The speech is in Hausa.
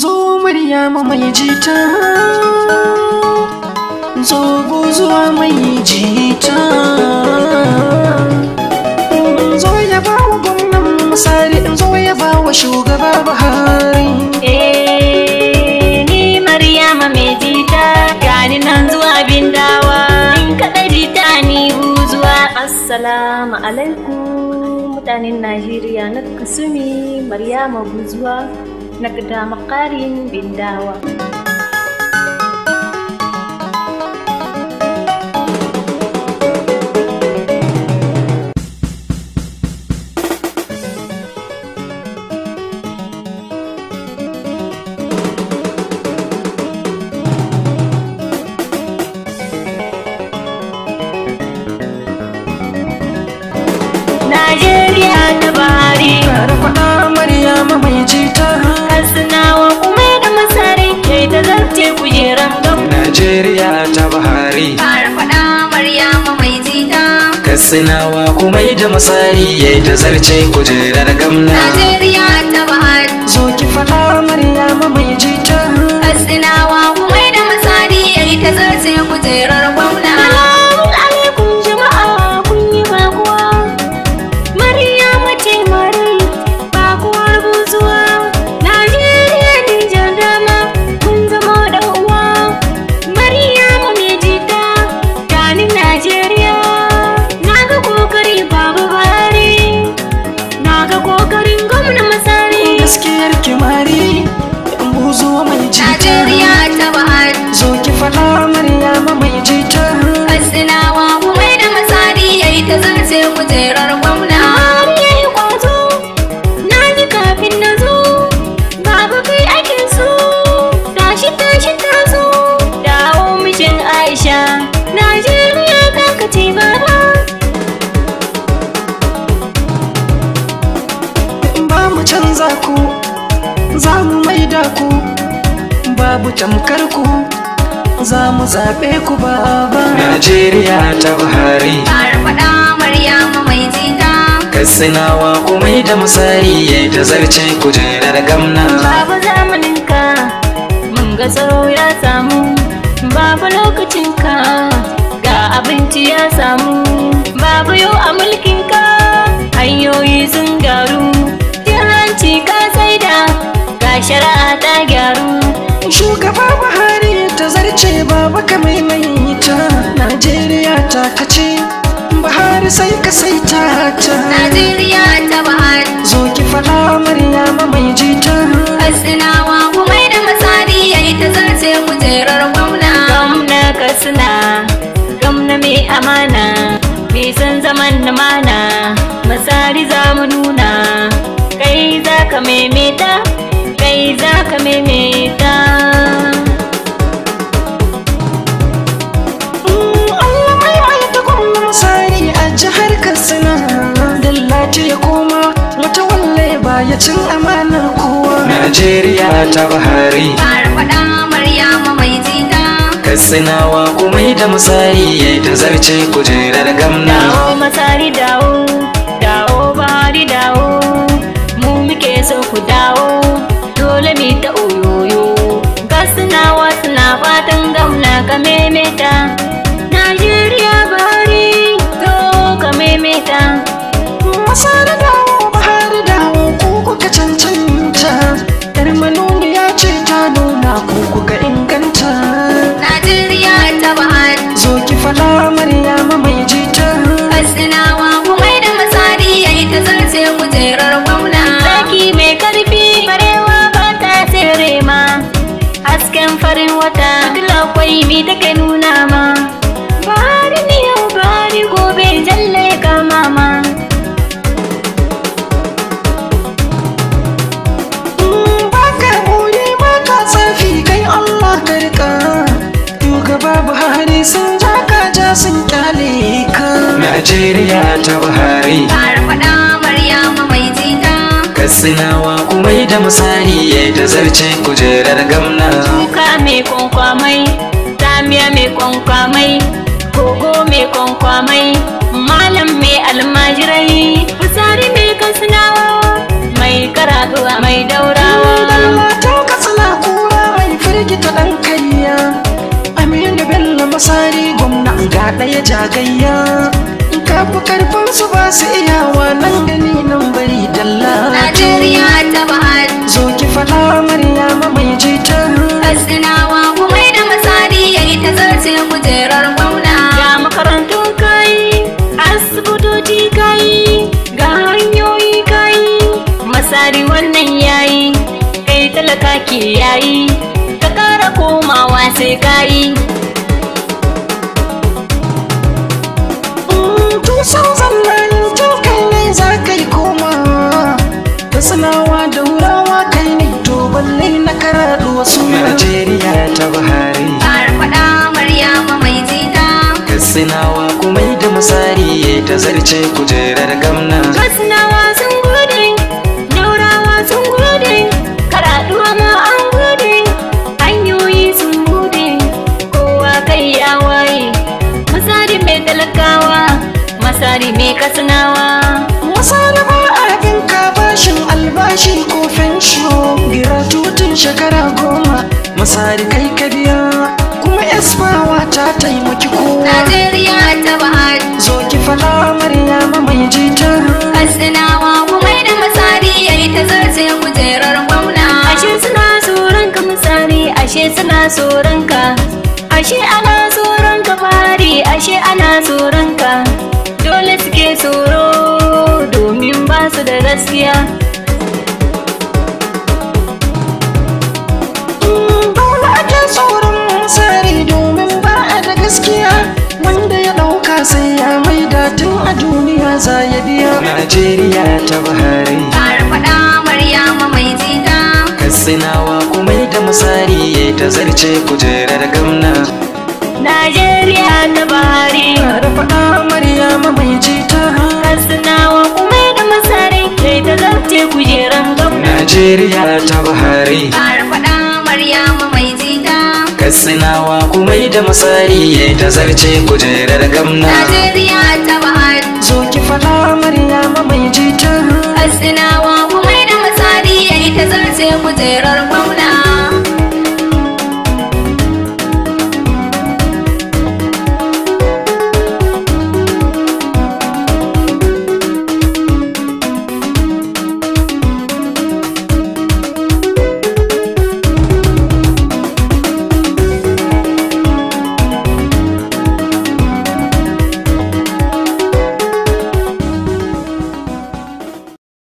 Zo Maryama mai jita Zo buzuwa mai jita Zo ya ba wa gwamnan misali Zo ya ba wa shugaba Buhari eh, ni Maryama mai jita Gani nan zuwa bin dawa In kaɗa jita ni buzuwa Assalamu alaikum mutanen Najeriya na kasumi Maryama buzuwa Nagdama ka rin, Bindawa. sinawa kuma da masari ya yi ta zarce kujerar gamna Najeriya ta ba Ku tamkar ku za mu zaɓe ku ba Najeriya ta Buhari Tare faɗa Maryamu mai zita Katsinawa komai da musari ya ta zarce kujerar gamna Babu zamaninka mun ga tsaro ya samu babu lokacinka ga abinci ya samu babu yau a mulkinka hanyoyi sun garu cin hanci ka saida ga shari'a ta gyara ce baba ka maimaita Najeriya ta kace Buhari sai ka saita ta Najeriya ta bahar zo ki fada Maryama mai jita ku kuma da misali yayi ta ku kujerar gwamna Gwamna suna gwamna mai amana mai san zaman mana, misali za mu nuna kai za ka maimaita kai za ka maimaita katsina dallaci ya koma wata walle ba ya cin amanar kowa najeriya ta bahari Kasinawa kuma da musari ya ta zarce kujerar gamna dawo masari dawo dawo bahari dawo mu muke so ku dawo dole mi ta oyoyo Kasinawa suna fatan gamna ka memeta da masara dawo bahar dawo ku kuka cancanta yar manomiya ce ta nuna ku kuka inganta najeriya ta bahar zo ki fada maryama mai jita asinawa ku mai da masari yayi ta zarce kujerar gwamna zaki mai karfi barewa ba ta tsere ma hasken farin wata duk akwai mi take nuna ma sun kyale ka Najeriya ta Buhari Fara Maryama mai Katsinawa kuma da misali ya da zarce kujerar gamna Kuka mai kwankwamai Tamiya mai kwankwamai Kogo mai kwankwamai Malam mai almajirai Fusari mai katsinawa Mai karatuwa mai daurawa Tau katsina kura mai firgita ɗan a ɗaya jagayya kafu karfin su ba su iyawa nan gani nan bari dalla Najeriya ta ba'ad zo ki fada ma mai jita Azginawa kuma da misali yayi ta zarce kujerar gwamna Ya makarantu kai asibitoci kai ga hanyoyi kai masari wannan yayi kai talaka ke yayi ka kara komawa sai kai rawa daurawa kai ne to balle na karaɗo wasu Najeriya ta bahari Farfaɗa Maryama mai zina Katsinawa kuma da masari ta zarce kujerar gamna bashi kofin show gira tutun shekara goma masari kai ka biya kuma esbawa ta taimaki kowa Najeriya ta bahari zo ki fada ma mai jita Asinawa kuma da masari yayi ta zarce kujerar gwamna ashe suna tsoron ka masari ashe suna tsoron ka ashe ana tsoron ka fari ashe ana tsoron ka dole suke tsoro domin ba su da gaskiya Najeriya ta bahari Har faɗa Maryama mai jiga Katsinawa kuma da musari ta zarce kujerar gamna Najeriya ta bahari Har faɗa Maryama mai jita Katsinawa kuma da musari ta zarce kujerar gamna Najeriya ta bahari Har faɗa Maryama mai jiga Katsinawa kuma da musari ta zarce kujerar gamna Najeriya ta bahari Zo ki faɗa zama mai jitar. Asinawa kuma da misali ya yi ta zarce kujerar gwamna.